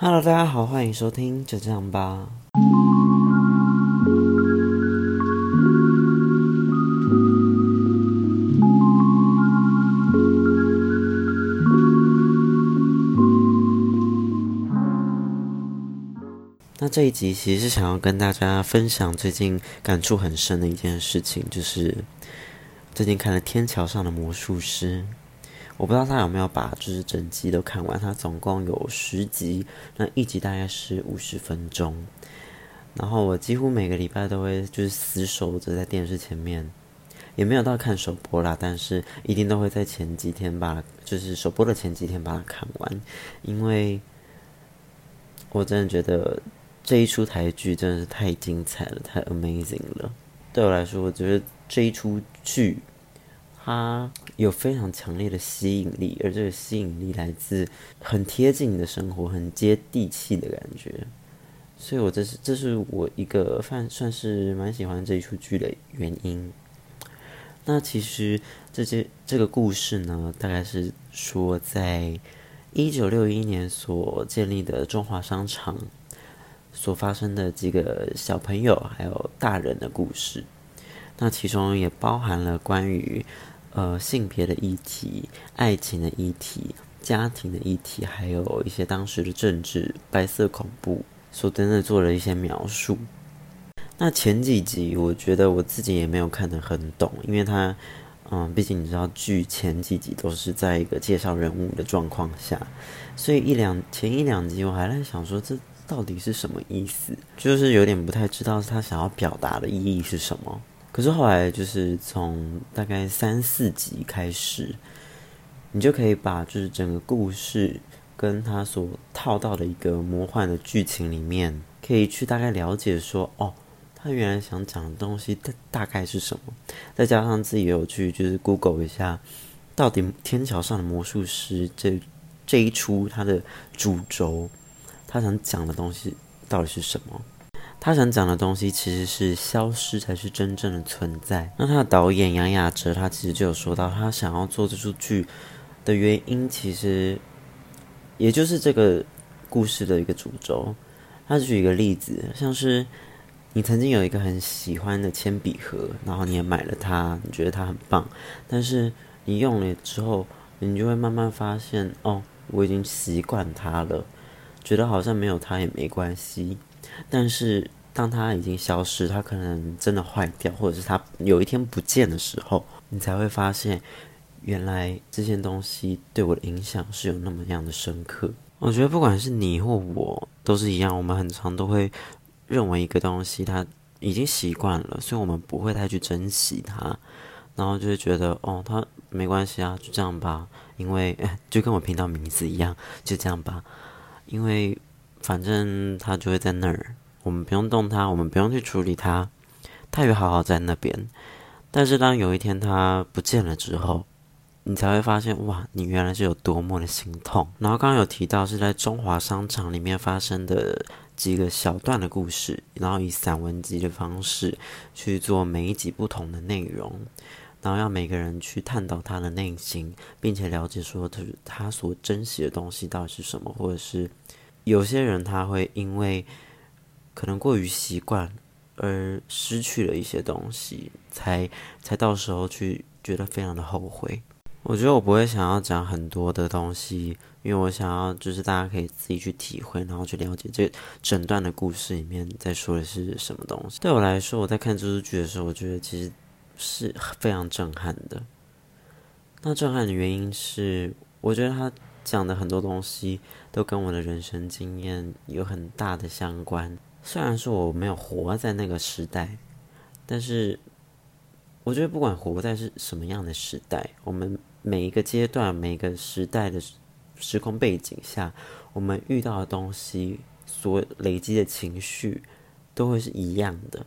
Hello，大家好，歡迎收聽就這樣吧。 那這一集其實是想要跟大家分享最近感觸很深的一件事情，就是最近看了《天橋上的魔術師》。我不知道他有沒有把就是整集都看完，他總共有十集，那一集大概是五十分鐘，然後我幾乎每個禮拜都會就是死守着在電視前面，也沒有到看首播啦，但是一定都會在前幾天把，就是首播的前幾天把它看完，因為我真的覺得這一出台劇真的是太精彩了，太 amazing 了。對我來說，我覺得這一出劇，它有非常強烈的吸引力，而這個吸引力來自很貼近你的生活、很接地氣的感覺，所以，我這是這是我一個算算是蠻喜歡這一出劇的原因。那其實這些這個故事呢，大概是說在一九六一年所建立的中華商場所發生的幾個小朋友還有大人的故事，那其中也包含了關於。呃，性別的議題、愛情的議題、家庭的議題，還有一些當時的政治、白色恐怖，所以真的做了一些描述。那前幾集我覺得我自己也沒有看得很懂，因為他，嗯，畢竟你知道劇前幾集都是在一個介紹人物的狀況下，所以一兩前一兩集我還在想說這到底是什麼意思，就是有點不太知道他想要表達的意義是什麼。可是後來就是從大概三四集開始，你就可以把就是整個故事跟他所套到的一個魔幻的劇情裡面，可以去大概了解說哦，他原來想講的東西大大概是什麼？再加上自己也有去就是 Google 一下，到底《天橋上的魔術師》這這一出他的主軸，他想講的東西到底是什麼？他想講的東西其實是消失才是真正的存在。那他的導演楊雅哲，他其實就有說到，他想要做這出劇的原因，其實也就是這個故事的一個主軸。他舉一個例子，像是你曾經有一個很喜歡的鉛筆盒，然後你也買了它，你覺得它很棒，但是你用了之後，你就會慢慢發現，哦，我已經習慣它了，覺得好像沒有它也沒關係。但是，當它已經消失，它可能真的壞掉，或者是它有一天不見的時候，你才會發現，原來這些東西對我的影響是有那麼樣的深刻。我覺得，不管是你或我都是一樣，我們很常都會認為一個東西它已經習慣了，所以我們不會太去珍惜它，然後就會覺得哦，它沒關係啊，就這樣吧，因為哎，就跟我頻道名字一樣，就這樣吧，因為。反正他就會在那兒，我們不用動他，我們不用去處理他，他也好好在那邊。但是當有一天他不見了之後，你才會發現，哇，你原來是有多麼的心痛。然後剛剛有提到是在中華商場裡面發生的幾個小段的故事，然後以散文集的方式去做每一集不同的內容，然後讓每個人去探討他的內心，並且了解說他他所珍惜的東西到底是什麼，或者是。有些人他會因為可能過於習慣而失去了一些東西才，才才到時候去覺得非常的後悔。我覺得我不會想要講很多的東西，因為我想要就是大家可以自己去體會，然後去了解這整段的故事裡面在說的是什麼東西。對我來說，我在看這部劇的時候，我覺得其實是非常震撼的。那震撼的原因是，我覺得他。講的很多東西都跟我的人生經驗有很大的相關。雖然說我沒有活在那個時代，但是我覺得不管活在是什麼樣的時代，我們每一個階段、每個時代的時空背景下，我們遇到的東西所累積的情緒都會是一樣的。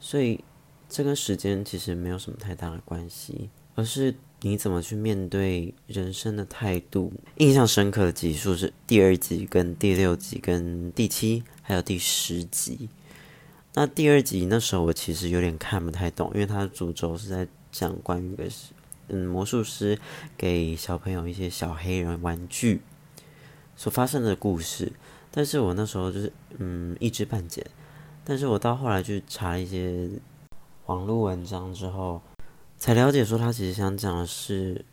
所以這跟時間其實沒有什麼太大的關係，而是。你怎麼去面對人生的態度？印象深刻的集數是第二集，跟第六集，跟第七，還有第十集。那第二集那時候我其實有點看不太懂，因為它的主軸是在講關於一個，嗯，魔術師給小朋友一些小黑人玩具所發生的故事。但是我那時候就是，嗯，一知半解。但是我到後來去查一些網絡文章之後。才了解，說他其實想講的是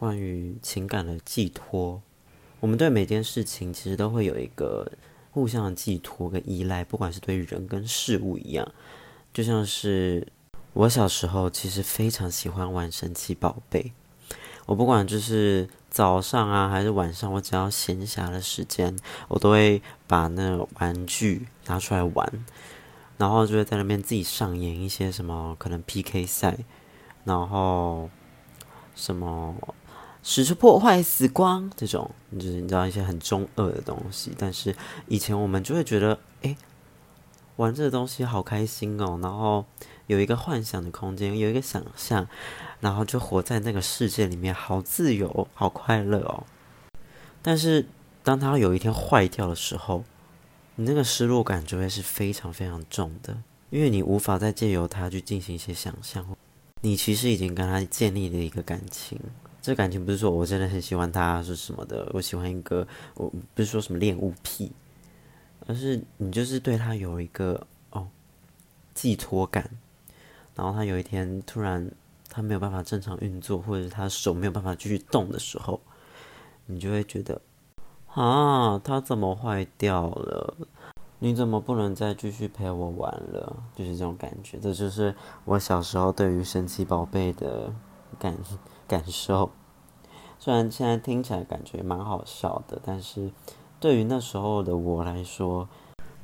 關於情感的寄托。我們對每件事情其實都會有一個互相的寄托跟依賴，不管是對於人跟事物一樣。就像是我小時候，其實非常喜歡玩神奇寶貝。我不管就是早上啊，還是晚上，我只要閒暇的時間，我都會把那玩具拿出來玩，然後就會在那邊自己上演一些什麼可能 PK 賽。然後什麼使出破壞死光這種，就是你知道一些很中二的東西。但是以前我們就會覺得，哎，玩這個東西好開心哦，然後有一個幻想的空間，有一個想象，然後就活在那個世界裡面，好自由，好快樂哦。但是當它有一天壞掉的時候，你那個失落感就會是非常非常重的，因為你無法再借由它去進行一些想象。你其實已經跟他建立了一個感情，這感情不是說我真的很喜歡他是什麼的，我喜歡一個，我不是說什麼戀物癖，而是你就是對他有一個哦寄托感，然後他有一天突然他沒有辦法正常運作，或者是他手沒有辦法繼續動的時候，你就會覺得啊，他怎麼壞掉了？你怎麼不能再繼續陪我玩了？就是這種感覺，這就是我小時候對於神奇寶貝的感感受。雖然現在聽起來感覺蠻好笑的，但是對於那時候的我來說，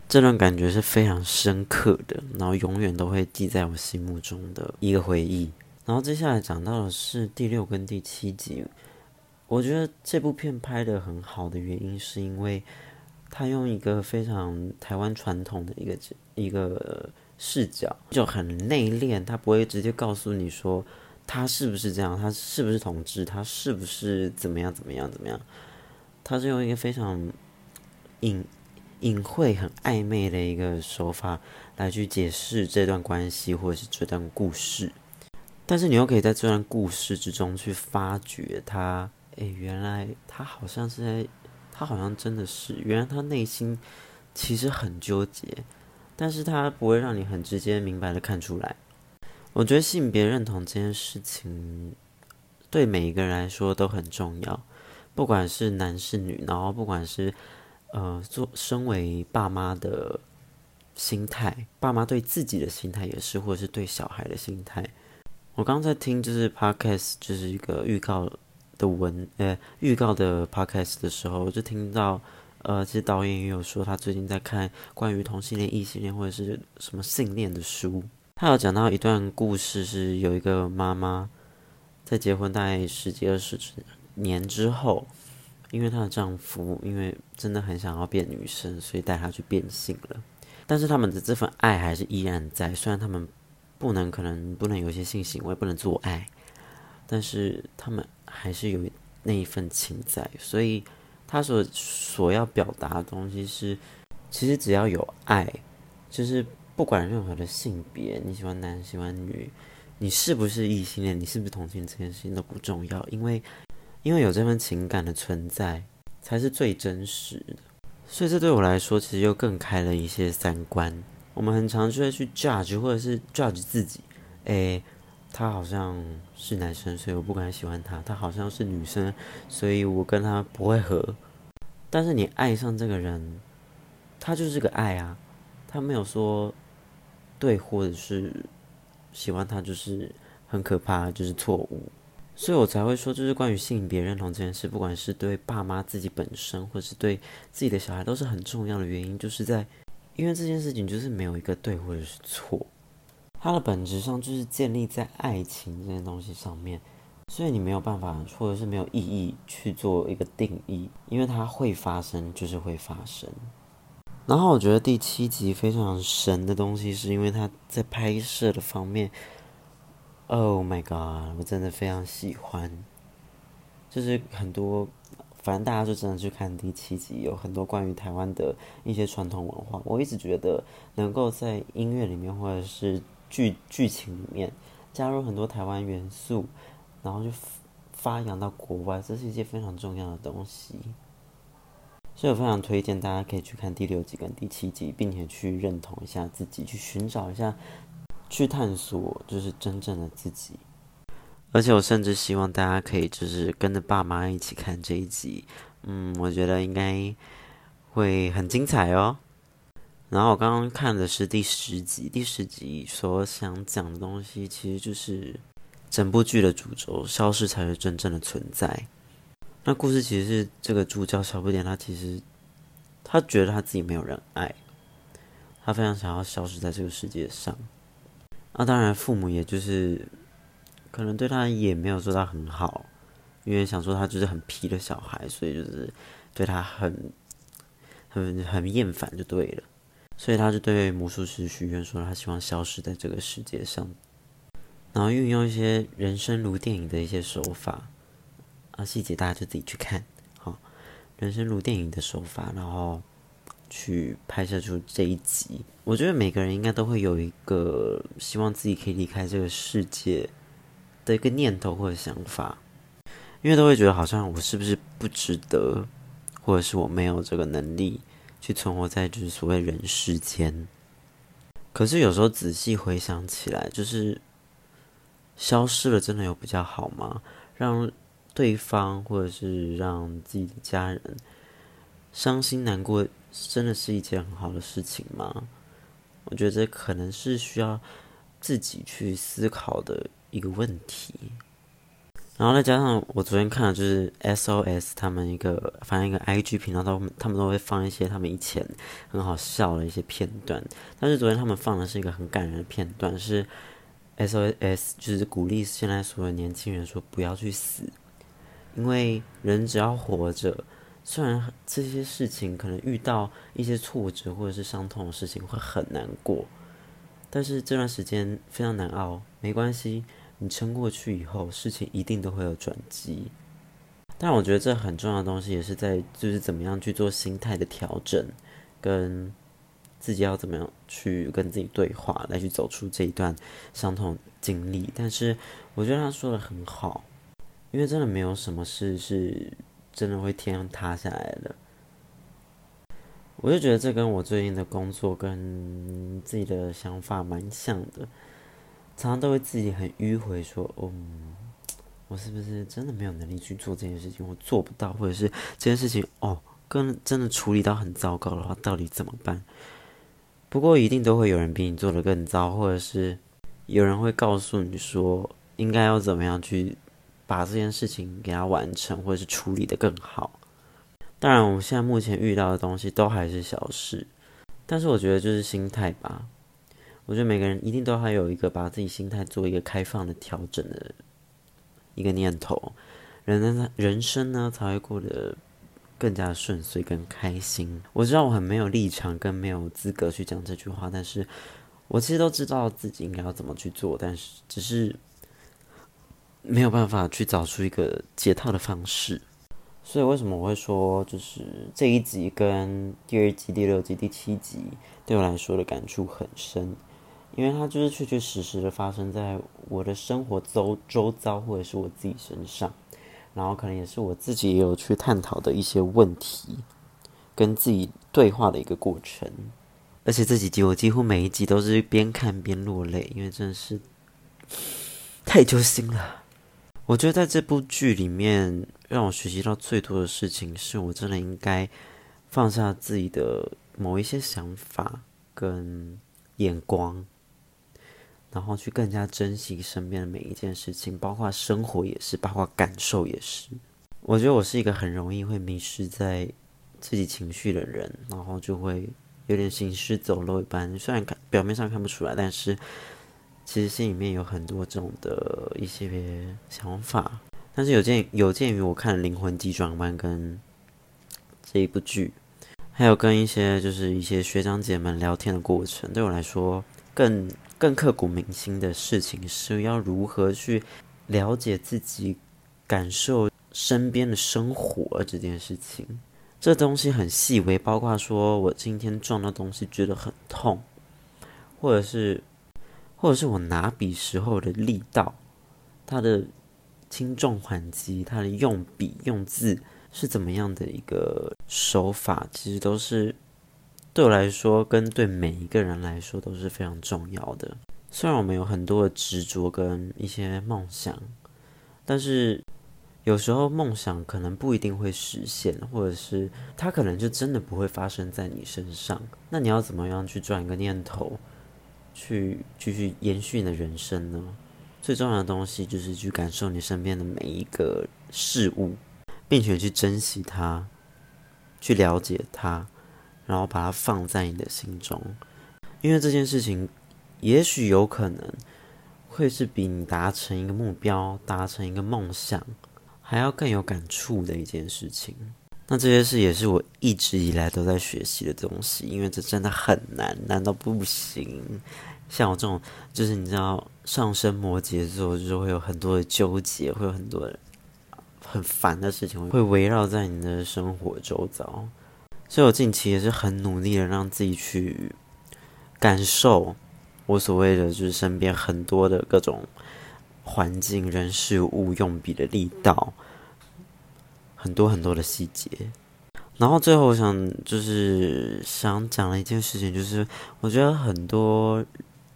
這段感覺是非常深刻的，然後永遠都會記在我心目中的一個回憶。然後接下來講到的是第六跟第七集，我覺得這部片拍得很好的原因是因為。他用一個非常台灣傳統的一個一個視角，就很內斂，他不會直接告訴你說他是不是這樣，他是不是同志，他是不是怎麼樣怎麼樣怎麼樣。他是用一個非常隱隱晦很曖昧的一個手法來去解釋這段關係或者是這段故事，但是你又可以在這段故事之中去發掘他，誒，原來他好像是在。他好像真的是，原來他內心其實很糾結，但是他不會讓你很直接明白的看出來。我覺得性別認同這件事情對每一個人來說都很重要，不管是男是女，然後不管是呃做身為爸媽的心態，爸媽對自己的心態也是，或者是對小孩的心態。我剛剛在聽就是 podcast，就是一個預告。的文，呃，預告的 podcast 的時候，我就聽到，呃，其實導演也有說，他最近在看關於同性戀、異性戀，或者是什麼性戀的書。他有講到一段故事，是有一個媽媽在結婚大概十幾、二十年之後，因為她的丈夫因為真的很想要變女生，所以帶她去變性了。但是他們的這份愛還是依然在，雖然他們不能，可能不能有些性行為，不能做愛，但是他們。還是有那一份情在，所以他所所要表達的東西是，其實只要有愛，就是不管任何的性別，你喜歡男喜歡女，你是不是異性戀，你是不是同性，這件事情都不重要，因為因為有這份情感的存在才是最真實的。所以這對我來說，其實又更開了一些三觀。我們很常就會去 judge，或者是 judge 自己，誒、欸。他好像是男生，所以我不敢喜歡他。他好像是女生，所以我跟他不會合。但是你愛上這個人，他就是個愛啊，他沒有說對或者是喜歡他，就是很可怕，就是錯誤。所以我才會說，就是關於性別認同這件事，不管是對爸媽自己本身，或者是對自己的小孩，都是很重要的原因，就是在因為這件事情就是沒有一個對或者是錯。它的本質上就是建立在愛情這件東西上面，所以你沒有辦法，或者是沒有意義去做一個定義，因為它會發生，就是會發生。然後我覺得第七集非常神的東西，是因為它在拍攝的方面，Oh my god，我真的非常喜歡，就是很多，反正大家就真的去看第七集，有很多關於台灣的一些傳統文化。我一直覺得能夠在音樂裡面，或者是劇劇情裡面加入很多台灣元素，然後就發揚到國外，這是一件非常重要的東西。所以我非常推薦大家可以去看第六集跟第七集，並且去認同一下自己，去尋找一下，去探索就是真正的自己。而且我甚至希望大家可以就是跟着爸媽一起看這一集，嗯，我覺得應該會很精彩哦。然後我剛剛看的是第十集，第十集所想講的東西，其實就是整部劇的主軸，消失才是真正的存在。那故事其實是這個主角小不點，他其實他覺得他自己沒有人愛，他非常想要消失在這個世界上。那、啊、當然，父母也就是可能對他也沒有做到很好，因為想說他就是很皮的小孩，所以就是對他很很很厭煩就對了。所以他就對魔術師許願說，他希望消失在這個世界上。然後運用一些人生如電影的一些手法，啊，細節大家就自己去看。好，人生如電影的手法，然後去拍攝出這一集。我覺得每個人應該都會有一個希望自己可以離開這個世界的一個念頭或者想法，因為都會覺得好像我是不是不值得，或者是我沒有這個能力，去存活在就是所謂人世間，可是有時候仔細回想起來，就是消失了，真的有比較好嗎？讓對方或者是讓自己的家人傷心難過，真的是一件很好的事情嗎？我覺得這可能是需要自己去思考的一個問題。然後再加上我昨天看的就是 SOS 他們一個反正一個 IG 頻道都，都他們都會放一些他們以前很好笑的一些片段。但是昨天他們放的是一個很感人的片段，是 SOS 就是鼓勵現在所有年輕人說，不要去死，因為人只要活着，雖然這些事情可能遇到一些挫折或者是傷痛的事情會很難過，但是這段時間非常難熬，沒關係。你撐過去以後，事情一定都會有轉機。但我覺得這很重要的東西也是在，就是怎麼樣去做心態的調整，跟自己要怎麼樣去跟自己對話，來去走出這一段傷痛經歷。但是我覺得他說得很好，因為真的沒有什麼事是真的會天上塌下來的。我就覺得這跟我最近的工作跟自己的想法蠻像的。常常都會自己很迂回，說：“嗯、哦，我是不是真的沒有能力去做這件事情？我做不到，或者是這件事情哦，跟真的處理到很糟糕的話，到底怎麼辦？”不過一定都會有人比你做得更糟，或者是有人會告訴你說，應該要怎麼樣去把這件事情給它完成，或者是處理得更好。當然，我們現在目前遇到的東西都還是小事，但是我覺得就是心態吧。我覺得每個人一定都還有一個把自己心態做一個開放的調整的一個念頭，人的人生呢才會過得更加順遂跟開心。我知道我很沒有立場跟沒有資格去講這句話，但是我其實都知道自己應該要怎麼去做，但是只是沒有辦法去找出一個解套的方式。所以為什麼我會說，就是這一集跟第二集、第六集、第七集對我來說的感觸很深。因為它就是確確實實的發生在我的生活周周遭，或者是我自己身上，然後可能也是我自己也有去探討的一些問題，跟自己對話的一個過程。而且這幾集我幾乎每一集都是邊看邊落淚，因為真的是太揪心了。我覺得在這部劇裡面，讓我學習到最多的事情，是我真的應該放下自己的某一些想法跟眼光。然後去更加珍惜身邊的每一件事情，包括生活也是，包括感受也是。我覺得我是一個很容易會迷失在自己情緒的人，然後就會有點行屍走肉一般，雖然表面上看不出來，但是其實心裡面有很多種的一些想法。但是有鑒於，有鑒於我看《靈魂急轉彎》跟這一部劇，還有跟一些就是一些學長姐們聊天的過程，對我來說更。更刻骨銘心的事情是要如何去了解自己、感受身邊的生活這件事情。這東西很細微，包括說我今天撞到東西覺得很痛，或者是，或者是我拿筆時候的力道，它的輕重緩急，它的用筆用字是怎麼樣的一個手法，其實都是。對我來說，跟對每一個人來說都是非常重要的。雖然我們有很多的執着跟一些夢想，但是有時候夢想可能不一定會實現，或者是它可能就真的不會發生在你身上。那你要怎麼樣去轉一個念頭，去繼續延續你的人生呢？最重要的東西就是去感受你身邊的每一個事物，並且去珍惜它，去了解它。然後把它放在你的心中，因為這件事情，也許有可能會是比你達成一個目標、達成一個夢想還要更有感觸的一件事情。那這些事也是我一直以來都在學習的東西，因為這真的很難，難到不行。像我這種，就是你知道，上升摩羯座就是會有很多的糾結，會有很多很煩的事情會圍繞在你的生活周遭。所以，我近期也是很努力的讓自己去感受我所謂的，就是身邊很多的各種環境、人事物、用筆的力道，很多很多的細節。然後，最後我想就是想講的一件事情，就是我覺得很多，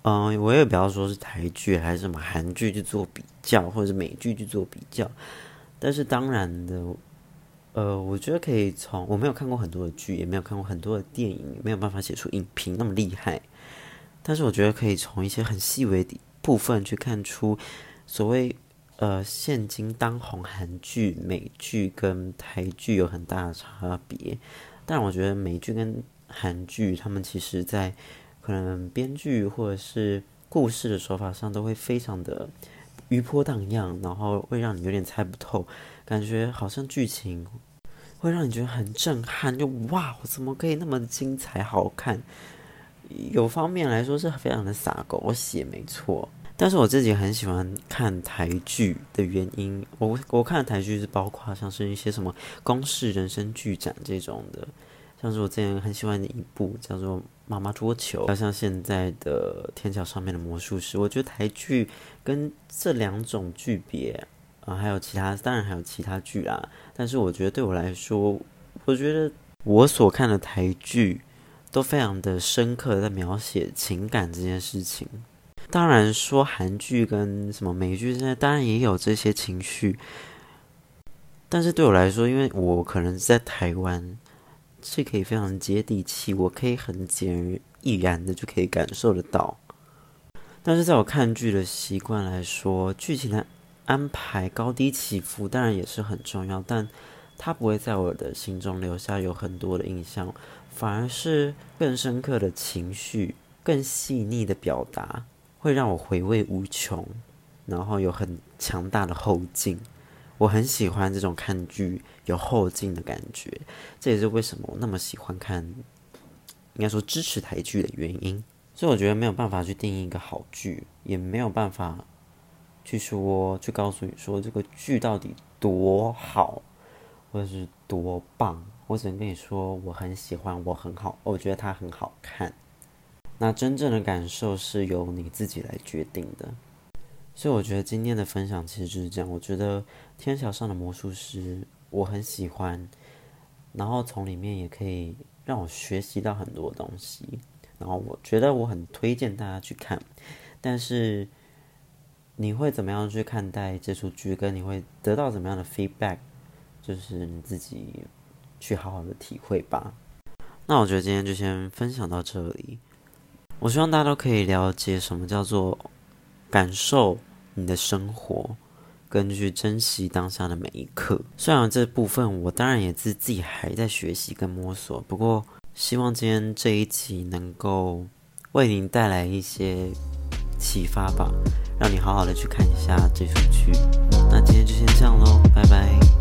嗯，我也不要說是台劇還是什麼韓劇去做比較，或者是美劇去做比較，但是當然的。呃，我覺得可以從我沒有看過很多的劇，也沒有看過很多的電影，沒有辦法寫出影評那麼厲害。但是我覺得可以從一些很細微的部分去看出所，所謂呃，現今當紅韓劇、美劇跟台劇有很大的差別。但我覺得美劇跟韓劇，他們其實在可能編劇或者是故事的手法上，都會非常的。餘波盪漾，然後會讓你有點猜不透，感覺好像劇情會讓你覺得很震撼，就哇，我怎麼可以那麼精彩好看？有方面來說是非常的灑狗，我寫沒錯。但是我自己很喜歡看台劇的原因，我我看的台劇是包括像是一些什麼《公視人生劇展》這種的，像是我之前很喜歡的一部叫做《媽媽桌球》，要像現在的《天橋上面的魔術師》，我覺得台劇。跟這兩種劇別啊，還有其他，當然還有其他劇啦。但是我覺得對我來說，我覺得我所看的台劇都非常的深刻，在描寫情感這件事情。當然說韓劇跟什麼美劇，現在當然也有這些情緒，但是對我來說，因為我可能在台灣是可以非常接地氣，我可以很簡而易然的就可以感受得到。但是，在我看劇的習慣來說，劇情的安排高低起伏當然也是很重要，但它不會在我的心中留下有很多的印象，反而是更深刻的情緒、更細膩的表達會讓我回味無窮，然後有很強大的後勁。我很喜歡這種看劇有後勁的感覺，這也是為什麼我那麼喜歡看，應該說支持台劇的原因。所以我覺得沒有辦法去定義一個好劇，也沒有辦法去說去告訴你說這個劇到底多好，或者是多棒。我只能跟你說我很喜歡，我很好，我覺得它很好看。那真正的感受是由你自己來決定的。所以我覺得今天的分享其實就是這樣。我覺得《天橋上的魔術師》我很喜歡，然後從裡面也可以讓我學習到很多東西。然後我覺得我很推薦大家去看，但是你會怎麼樣去看待這出劇，跟你會得到怎麼樣的 feedback，就是你自己去好好的體會吧。那我覺得今天就先分享到這裡，我希望大家都可以了解什麼叫做感受你的生活，跟去珍惜當下的每一刻。雖然這部分我當然也是自己還在學習跟摸索，不過。希望今天這一集能夠為您帶來一些啟發吧，讓你好好的去看一下這部劇。那今天就先這樣嘍，拜拜。